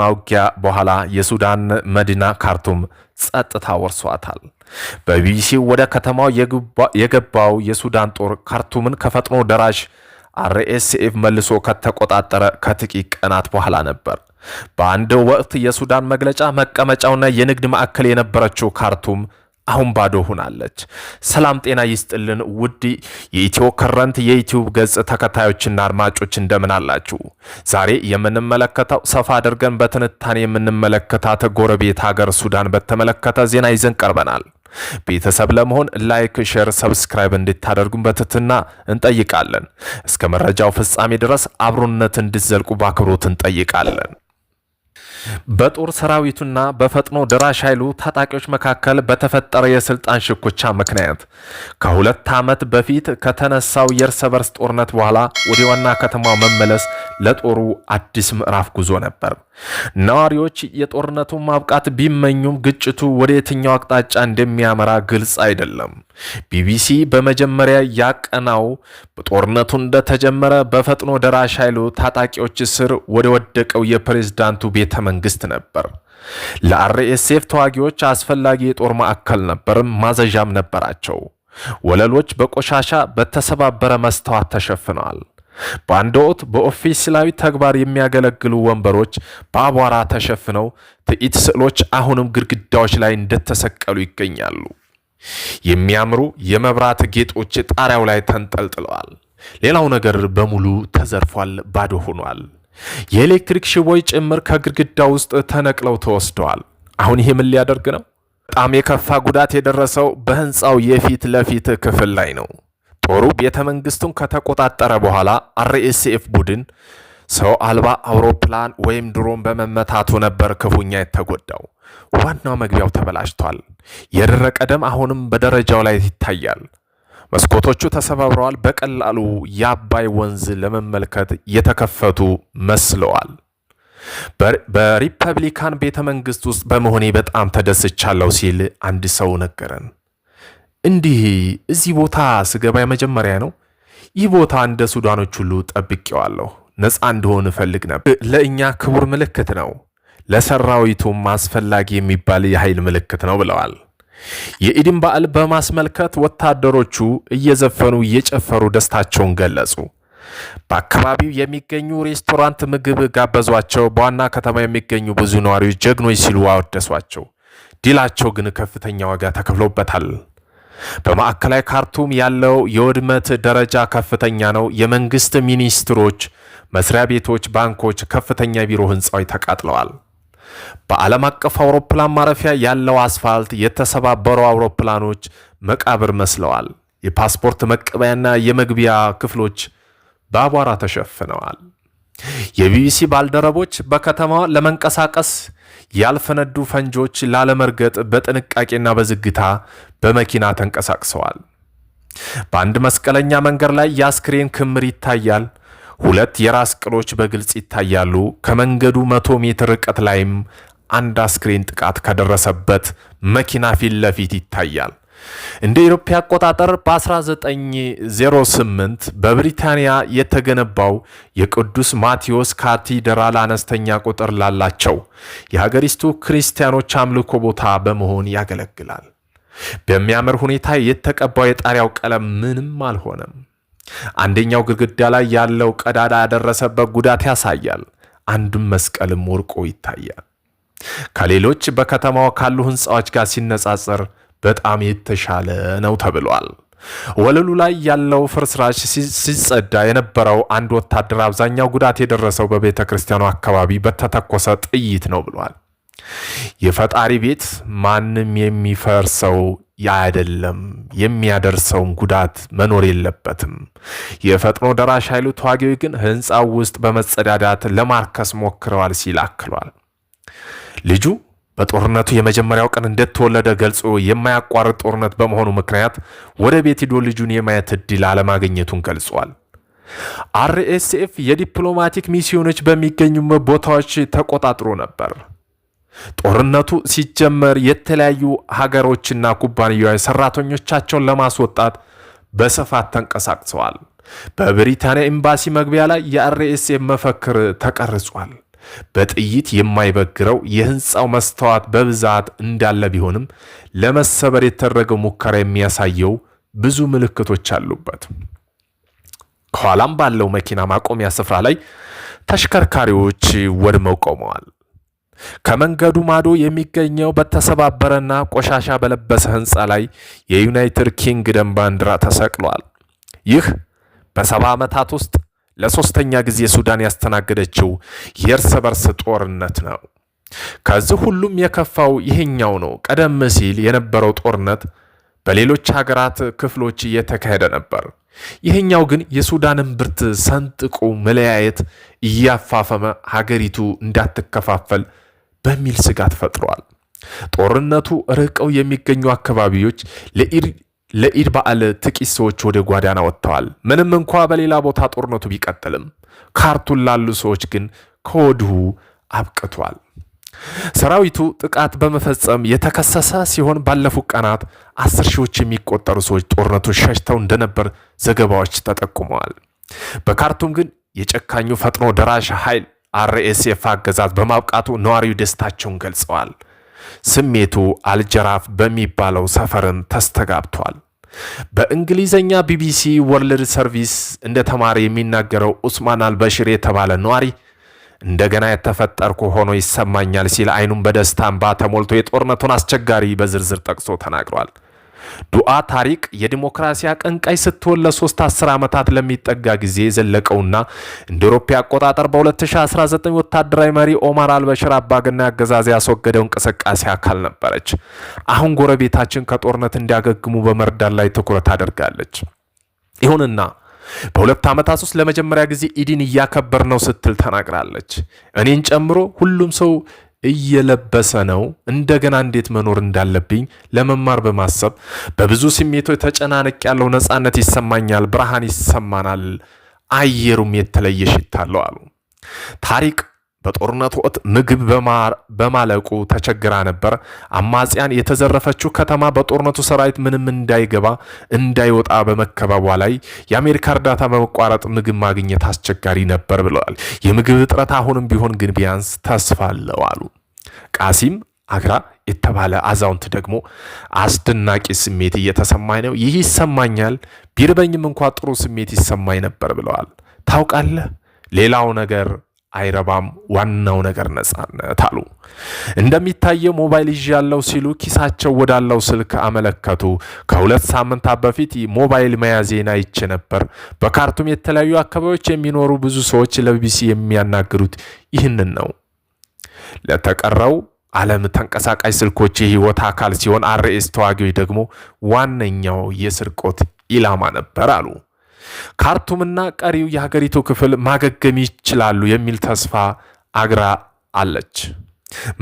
ማውጊያ ውጊያ በኋላ የሱዳን መዲና ካርቱም ጸጥታ ወርሷታል። በቢቢሲ ወደ ከተማው የገባው የሱዳን ጦር ካርቱምን ከፈጥኖ ደራሽ አርኤስኤፍ መልሶ ከተቆጣጠረ ከጥቂት ቀናት በኋላ ነበር። በአንድ ወቅት የሱዳን መግለጫ መቀመጫውና የንግድ ማዕከል የነበረችው ካርቱም አሁን ባዶ ሆናለች። ሰላም ጤና ይስጥልን ውድ የኢትዮ ከረንት የዩቲዩብ ገጽ ተከታዮችና አድማጮች እንደምን አላችሁ? ዛሬ የምንመለከተው ሰፋ አድርገን በትንታኔ የምንመለከታት ጎረቤት ሀገር ሱዳን በተመለከተ ዜና ይዘን ቀርበናል። ቤተሰብ ለመሆን ላይክ፣ ሼር፣ ሰብስክራይብ እንድታደርጉን በትትና እንጠይቃለን። እስከ መረጃው ፍጻሜ ድረስ አብሮነት እንድትዘልቁ በአክብሮት እንጠይቃለን። በጦር ሰራዊቱና በፈጥኖ ደራሽ ኃይሉ ታጣቂዎች መካከል በተፈጠረ የስልጣን ሽኩቻ ምክንያት ከሁለት ዓመት በፊት ከተነሳው የእርስ በርስ ጦርነት በኋላ ወደ ዋና ከተማው መመለስ ለጦሩ አዲስ ምዕራፍ ጉዞ ነበር። ነዋሪዎች የጦርነቱ ማብቃት ቢመኙም ግጭቱ ወደ የትኛው አቅጣጫ እንደሚያመራ ግልጽ አይደለም። ቢቢሲ በመጀመሪያ ያቀናው በጦርነቱ እንደተጀመረ በፈጥኖ ደራሽ ኃይሉ ታጣቂዎች ስር ወደ ወደቀው የፕሬዝዳንቱ ቤተ መንግስት ነበር። ለአርኤስኤፍ ተዋጊዎች አስፈላጊ የጦር ማዕከል ነበርም፣ ማዘዣም ነበራቸው። ወለሎች በቆሻሻ በተሰባበረ መስታወት ተሸፍነዋል። በአንድ ወቅት በኦፊሴላዊ ተግባር የሚያገለግሉ ወንበሮች በአቧራ ተሸፍነው ጥቂት ስዕሎች አሁንም ግድግዳዎች ላይ እንደተሰቀሉ ይገኛሉ። የሚያምሩ የመብራት ጌጦች ጣሪያው ላይ ተንጠልጥለዋል። ሌላው ነገር በሙሉ ተዘርፏል፣ ባዶ ሆኗል። የኤሌክትሪክ ሽቦይ ጭምር ከግድግዳ ውስጥ ተነቅለው ተወስደዋል። አሁን ይሄ ምን ሊያደርግ ነው? በጣም የከፋ ጉዳት የደረሰው በህንፃው የፊት ለፊት ክፍል ላይ ነው። ጦሩ ቤተ መንግስቱን ከተቆጣጠረ በኋላ አርኤስኤፍ ቡድን ሰው አልባ አውሮፕላን ወይም ድሮን በመመታቱ ነበር ክፉኛ የተጎዳው። ዋናው መግቢያው ተበላሽቷል። የደረቀ ደም አሁንም በደረጃው ላይ ይታያል። መስኮቶቹ ተሰባብረዋል። በቀላሉ የአባይ ወንዝ ለመመልከት የተከፈቱ መስለዋል። በሪፐብሊካን ቤተ መንግስት ውስጥ በመሆኔ በጣም ተደስቻለሁ ሲል አንድ ሰው ነገረን። እንዲህ እዚህ ቦታ ስገባ መጀመሪያ ነው። ይህ ቦታ እንደ ሱዳኖች ሁሉ ጠብቄዋለሁ። ነፃ እንደሆን እፈልግ ነበር። ለእኛ ክቡር ምልክት ነው፣ ለሰራዊቱም አስፈላጊ የሚባል የኃይል ምልክት ነው ብለዋል። የኢድን በዓል በማስመልከት ወታደሮቹ እየዘፈኑ እየጨፈሩ ደስታቸውን ገለጹ። በአካባቢው የሚገኙ ሬስቶራንት ምግብ ጋበዟቸው። በዋና ከተማ የሚገኙ ብዙ ነዋሪዎች ጀግኖች ሲሉ አወደሷቸው። ድላቸው ግን ከፍተኛ ዋጋ ተከፍሎበታል። በማዕከላዊ ካርቱም ያለው የውድመት ደረጃ ከፍተኛ ነው። የመንግስት ሚኒስትሮች መስሪያ ቤቶች፣ ባንኮች፣ ከፍተኛ ቢሮ ህንፃዎች ተቃጥለዋል። በዓለም አቀፍ አውሮፕላን ማረፊያ ያለው አስፋልት የተሰባበሩ አውሮፕላኖች መቃብር መስለዋል። የፓስፖርት መቀበያና የመግቢያ ክፍሎች በአቧራ ተሸፍነዋል። የቢቢሲ ባልደረቦች በከተማ ለመንቀሳቀስ ያልፈነዱ ፈንጆች ላለመርገጥ በጥንቃቄና በዝግታ በመኪና ተንቀሳቅሰዋል። በአንድ መስቀለኛ መንገድ ላይ የአስክሬን ክምር ይታያል። ሁለት የራስ ቅሎች በግልጽ ይታያሉ። ከመንገዱ መቶ ሜትር ርቀት ላይም አንድ አስክሬን ጥቃት ከደረሰበት መኪና ፊት ለፊት ይታያል። እንደ ኢሮፓ አቆጣጠር በ1908 በብሪታንያ የተገነባው የቅዱስ ማቴዎስ ካቴድራል አነስተኛ ቁጥር ላላቸው የሀገሪቱ ክርስቲያኖች አምልኮ ቦታ በመሆን ያገለግላል። በሚያምር ሁኔታ የተቀባው የጣሪያው ቀለም ምንም አልሆነም። አንደኛው ግድግዳ ላይ ያለው ቀዳዳ ያደረሰበት ጉዳት ያሳያል። አንድም መስቀልም ወርቆ ይታያል። ከሌሎች በከተማው ካሉ ህንፃዎች ጋር ሲነጻጸር በጣም የተሻለ ነው ተብሏል። ወለሉ ላይ ያለው ፍርስራሽ ሲጸዳ የነበረው አንድ ወታደር አብዛኛው ጉዳት የደረሰው በቤተ ክርስቲያኑ አካባቢ በተተኮሰ ጥይት ነው ብሏል። የፈጣሪ ቤት ማንም የሚፈርሰው ያ አይደለም የሚያደርሰውን ጉዳት መኖር የለበትም። የፈጥኖ ደራሽ ኃይሉ ተዋጊዎች ግን ህንፃው ውስጥ በመጸዳዳት ለማርከስ ሞክረዋል ሲል አክሏል። ልጁ በጦርነቱ የመጀመሪያው ቀን እንደተወለደ ገልጾ የማያቋርጥ ጦርነት በመሆኑ ምክንያት ወደ ቤት ሂዶ ልጁን የማየት እድል አለማግኘቱን ገልጿል። አርኤስኤፍ የዲፕሎማቲክ ሚስዮኖች በሚገኙ ቦታዎች ተቆጣጥሮ ነበር። ጦርነቱ ሲጀመር የተለያዩ ሀገሮችና ኩባንያዎች ሰራተኞቻቸውን ለማስወጣት በስፋት ተንቀሳቅሰዋል። በብሪታንያ ኤምባሲ መግቢያ ላይ የአርኤስኤፍ መፈክር ተቀርጿል። በጥይት የማይበግረው የህንፃው መስተዋት በብዛት እንዳለ ቢሆንም ለመሰበር የተደረገው ሙከራ የሚያሳየው ብዙ ምልክቶች አሉበት። ከኋላም ባለው መኪና ማቆሚያ ስፍራ ላይ ተሽከርካሪዎች ወድመው ቆመዋል። ከመንገዱ ማዶ የሚገኘው በተሰባበረና ቆሻሻ በለበሰ ህንፃ ላይ የዩናይትድ ኪንግደም ባንዲራ ተሰቅሏል። ይህ በሰባ ዓመታት ውስጥ ለሶስተኛ ጊዜ ሱዳን ያስተናገደችው የእርስ በርስ ጦርነት ነው። ከዚህ ሁሉም የከፋው ይሄኛው ነው። ቀደም ሲል የነበረው ጦርነት በሌሎች ሀገራት ክፍሎች እየተካሄደ ነበር። ይሄኛው ግን የሱዳንን ብርት ሰንጥቁ መለያየት እያፋፈመ ሀገሪቱ እንዳትከፋፈል በሚል ስጋት ፈጥሯል። ጦርነቱ ርቀው የሚገኙ አካባቢዎች ለኢድ በዓል ጥቂት ሰዎች ወደ ጓዳና ወጥተዋል። ምንም እንኳ በሌላ ቦታ ጦርነቱ ቢቀጥልም ካርቱን ላሉ ሰዎች ግን ከወዲሁ አብቅቷል። ሰራዊቱ ጥቃት በመፈጸም የተከሰሰ ሲሆን ባለፉት ቀናት አስር ሺዎች የሚቆጠሩ ሰዎች ጦርነቱን ሸሽተው እንደነበር ዘገባዎች ተጠቁመዋል። በካርቱም ግን የጨካኙ ፈጥኖ ደራሽ ኃይል አርኤስኤፍ አገዛዝ በማብቃቱ ነዋሪው ደስታቸውን ገልጸዋል። ስሜቱ አልጀራፍ በሚባለው ሰፈርም ተስተጋብቷል። በእንግሊዘኛ ቢቢሲ ወርልድ ሰርቪስ እንደ ተማሪ የሚናገረው ኡስማን አልበሽር የተባለ ነዋሪ እንደገና የተፈጠርኩ ሆኖ ይሰማኛል ሲል አይኑን በደስታ እንባ ተሞልቶ የጦርነቱን አስቸጋሪ በዝርዝር ጠቅሶ ተናግሯል። ዱዓ ታሪክ የዲሞክራሲ አቀንቃይ ስትሆን ለሶስት አስር ዓመታት ለሚጠጋ ጊዜ የዘለቀውና እንደ አውሮፓ አቆጣጠር በ2019 ወታደራዊ መሪ ኦማር አልበሽር አባግና አገዛዝ ያስወገደው እንቅስቃሴ አካል ነበረች። አሁን ጎረቤታችን ከጦርነት እንዲያገግሙ በመርዳት ላይ ትኩረት አድርጋለች። ይሁንና በሁለት ዓመታት ውስጥ ለመጀመሪያ ጊዜ ኢዲን እያከበር ነው ስትል ተናግራለች። እኔን ጨምሮ ሁሉም ሰው እየለበሰ ነው። እንደገና እንዴት መኖር እንዳለብኝ ለመማር በማሰብ በብዙ ስሜቶች ተጨናነቅ ያለው ነፃነት ይሰማኛል፣ ብርሃን ይሰማናል፣ አየሩም የተለየ ሽታ አለው አሉ። ታሪክ በጦርነት ወቅት ምግብ በማለቁ ተቸግራ ነበር። አማጽያን የተዘረፈችው ከተማ በጦርነቱ ሰራዊት ምንም እንዳይገባ እንዳይወጣ በመከበቧ ላይ የአሜሪካ እርዳታ በመቋረጥ ምግብ ማግኘት አስቸጋሪ ነበር ብለዋል። የምግብ እጥረት አሁንም ቢሆን ግን ቢያንስ ተስፋ አለው አሉ። ቃሲም አግራ የተባለ አዛውንት ደግሞ አስደናቂ ስሜት እየተሰማኝ ነው፣ ይህ ይሰማኛል፣ ቢርበኝም እንኳ ጥሩ ስሜት ይሰማኝ ነበር ብለዋል። ታውቃለህ ሌላው ነገር አይረባም፣ ዋናው ነገር ነጻነት አሉ። እንደሚታየው ሞባይል ይዤ ያለው ሲሉ ኪሳቸው ወዳለው ስልክ አመለከቱ። ከሁለት ሳምንታት በፊት ሞባይል መያዜን አይቼ ነበር። በካርቱም የተለያዩ አካባቢዎች የሚኖሩ ብዙ ሰዎች ለቢቢሲ የሚያናግሩት ይህንን ነው። ለተቀረው ዓለም ተንቀሳቃሽ ስልኮች የህይወት አካል ሲሆን፣ አርኤስ ተዋጊዎች ደግሞ ዋነኛው የስርቆት ኢላማ ነበር አሉ። ካርቱምና ቀሪው የሀገሪቱ ክፍል ማገገም ይችላሉ የሚል ተስፋ አግራ አለች።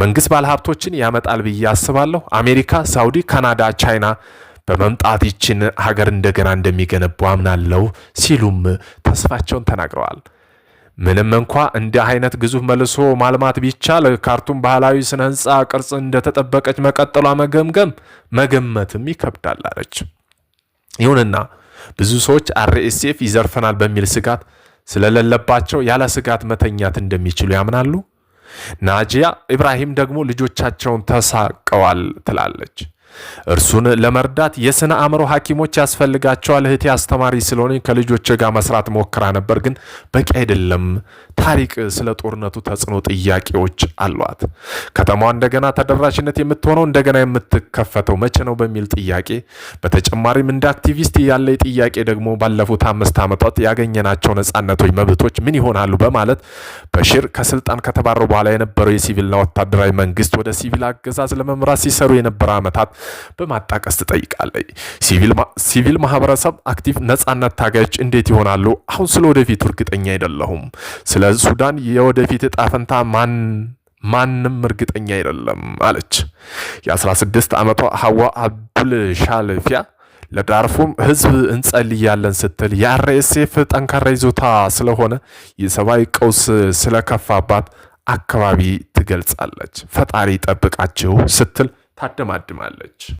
መንግስት ባለሀብቶችን ያመጣል ብዬ አስባለሁ። አሜሪካ፣ ሳውዲ፣ ካናዳ፣ ቻይና በመምጣት ይችን ሀገር እንደገና እንደሚገነቡ አምናለሁ ሲሉም ተስፋቸውን ተናግረዋል። ምንም እንኳ እንዲህ አይነት ግዙፍ መልሶ ማልማት ቢቻል ካርቱም ባህላዊ ስነ ህንፃ ቅርጽ እንደተጠበቀች መቀጠሏ መገምገም መገመትም ይከብዳል አለች። ይሁንና ብዙ ሰዎች አርኤስኤፍ ይዘርፈናል በሚል ስጋት ስለሌለባቸው ያለ ስጋት መተኛት እንደሚችሉ ያምናሉ። ናጂያ ኢብራሂም ደግሞ ልጆቻቸውን ተሳቀዋል ትላለች። እርሱን ለመርዳት የስነ አእምሮ ሐኪሞች ያስፈልጋቸዋል። እህቴ አስተማሪ ስለሆነ ከልጆች ጋር መስራት ሞክራ ነበር፣ ግን በቂ አይደለም። ታሪክ ስለ ጦርነቱ ተጽዕኖ ጥያቄዎች አሏት። ከተማዋ እንደገና ተደራሽነት የምትሆነው እንደገና የምትከፈተው መቼ ነው በሚል ጥያቄ፣ በተጨማሪም እንደ አክቲቪስት ያለ ጥያቄ ደግሞ ባለፉት አምስት ዓመታት ያገኘናቸው ነጻነቶች፣ መብቶች ምን ይሆናሉ በማለት በሽር ከስልጣን ከተባረሩ በኋላ የነበረው የሲቪልና ወታደራዊ መንግስት ወደ ሲቪል አገዛዝ ለመምራት ሲሰሩ የነበረ ዓመታት በማጣቀስ ትጠይቃለች። ሲቪል ማህበረሰብ አክቲቭ ነጻነት ታጋዮች እንዴት ይሆናሉ? አሁን ስለ ወደፊቱ እርግጠኛ አይደለሁም። ስለ ሱዳን የወደፊት እጣ ፈንታ ማን ማንም እርግጠኛ አይደለም አለች። የ16 ዓመቷ ሐዋ አብዱል ሻልፊያ ለዳርፉም ህዝብ እንጸልያለን ስትል የአርኤስኤፍ ጠንካራ ይዞታ ስለሆነ የሰብአዊ ቀውስ ስለከፋባት አካባቢ ትገልጻለች። ፈጣሪ ጠብቃችሁ ስትል ታደማድማለች።